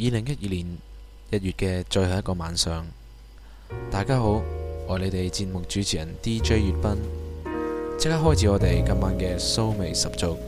二零一二年一月嘅最後一個晚上，大家好，我係你哋節目主持人 D J 月斌，即刻開始我哋今晚嘅騷味十足。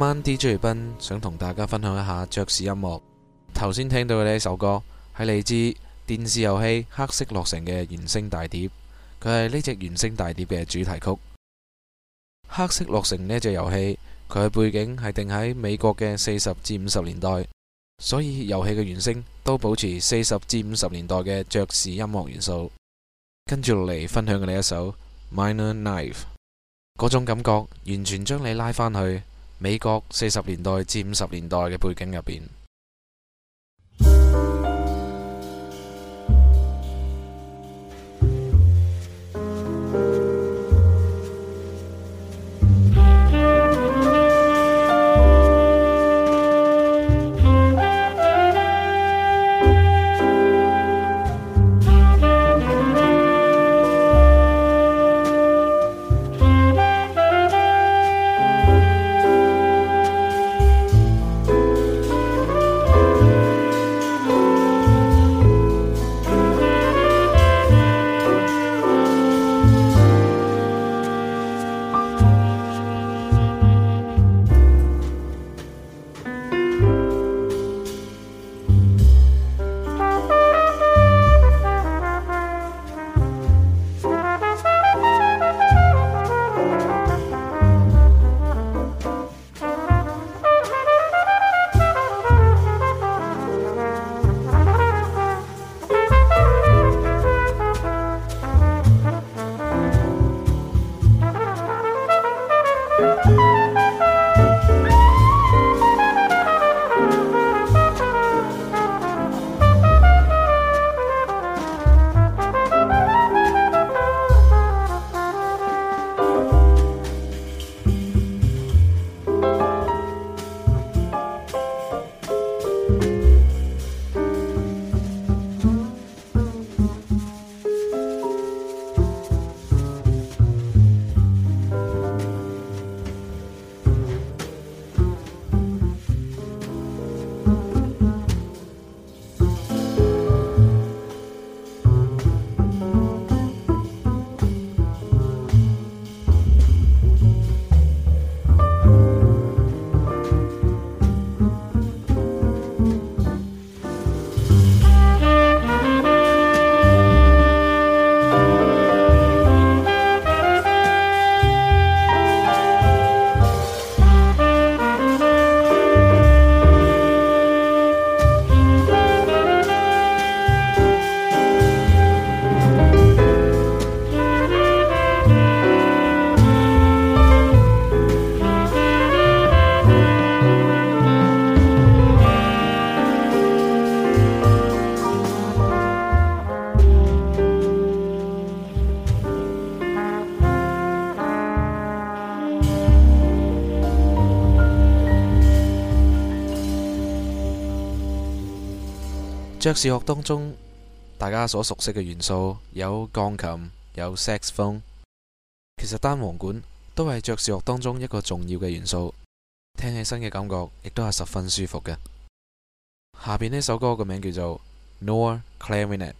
今晚 D.J. 斌想同大家分享一下爵士音樂。頭先聽到嘅呢一首歌係嚟自電視遊戲《黑色洛城》嘅原聲大碟，佢係呢隻原聲大碟嘅主題曲。《黑色洛城》呢隻遊戲，佢嘅背景係定喺美國嘅四十至五十年代，所以遊戲嘅原聲都保持四十至五十年代嘅爵士音樂元素。跟住落嚟分享嘅呢一首《Minor Knife》，嗰種感覺完全將你拉返去。美國四十年代至五十年代嘅背景入面。爵士樂當中，大家所熟悉嘅元素有鋼琴、有薩克斯風，其實單簧管都係爵士樂當中一個重要嘅元素，聽起身嘅感覺亦都係十分舒服嘅。下邊呢首歌嘅名叫做《Nor Clarinet》。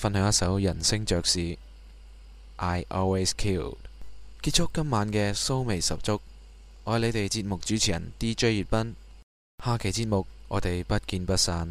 分享一首人聲爵士，I Always Kill。結束今晚嘅蘇味十足，我係你哋節目主持人 DJ 月斌。下期節目我哋不見不散。